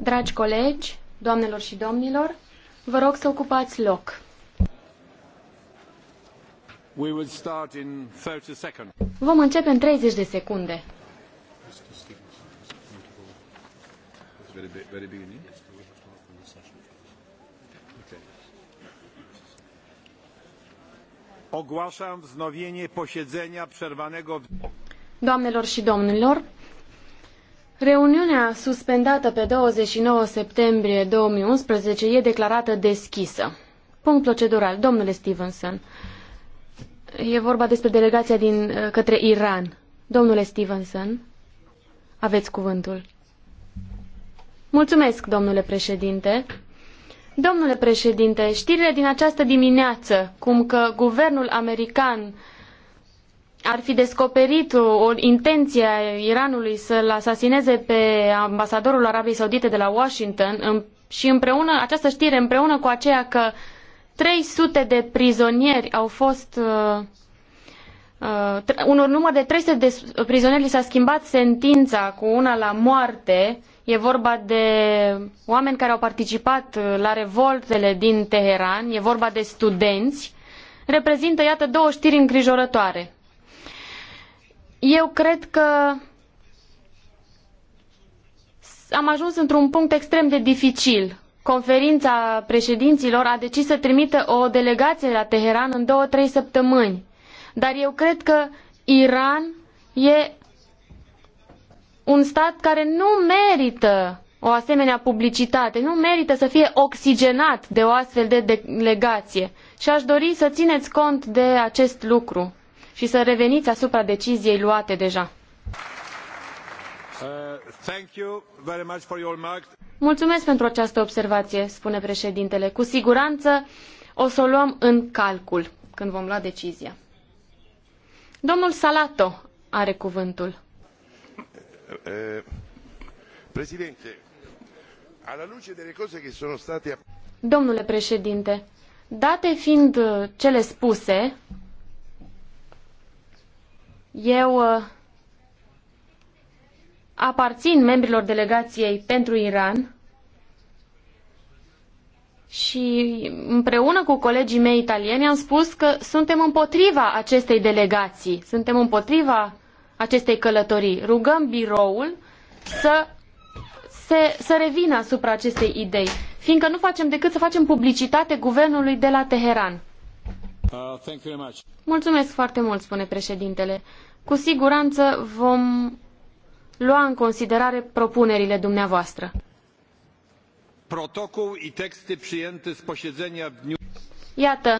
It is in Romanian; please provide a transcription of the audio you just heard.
Dragi colegi, doamnelor și domnilor, vă rog să ocupați loc. Vom începe în 30 de secunde. Ogłaszam wznowienie posiedzenia przerwanego Doamnelor și domnilor, Reuniunea suspendată pe 29 septembrie 2011 e declarată deschisă. Punct procedural. Domnule Stevenson, e vorba despre delegația din, uh, către Iran. Domnule Stevenson, aveți cuvântul. Mulțumesc, domnule președinte. Domnule președinte, știrile din această dimineață, cum că guvernul american ar fi descoperit o intenție a Iranului să-l asasineze pe ambasadorul Arabiei Saudite de la Washington și împreună, această știre împreună cu aceea că 300 de prizonieri au fost uh, uh un număr de 300 de prizonieri li s-a schimbat sentința cu una la moarte. E vorba de oameni care au participat uh, la revoltele din Teheran, e vorba de studenți. Reprezintă, iată, două știri îngrijorătoare. Eu cred că am ajuns într-un punct extrem de dificil. Conferința președinților a decis să trimită o delegație la Teheran în două-trei săptămâni. Dar eu cred că Iran e un stat care nu merită o asemenea publicitate, nu merită să fie oxigenat de o astfel de delegație. Și aș dori să țineți cont de acest lucru și să reveniți asupra deciziei luate deja. Uh, Mulțumesc pentru această observație, spune președintele. Cu siguranță o să o luăm în calcul când vom lua decizia. Domnul Salato are cuvântul. Uh, Domnule președinte, date fiind cele spuse, eu uh, aparțin membrilor delegației pentru Iran și împreună cu colegii mei italieni am spus că suntem împotriva acestei delegații, suntem împotriva acestei călătorii. Rugăm biroul să, se, să revină asupra acestei idei, fiindcă nu facem decât să facem publicitate guvernului de la Teheran. Uh, Mulțumesc foarte mult, spune președintele. Cu siguranță vom lua în considerare propunerile dumneavoastră. Protocol z Iată,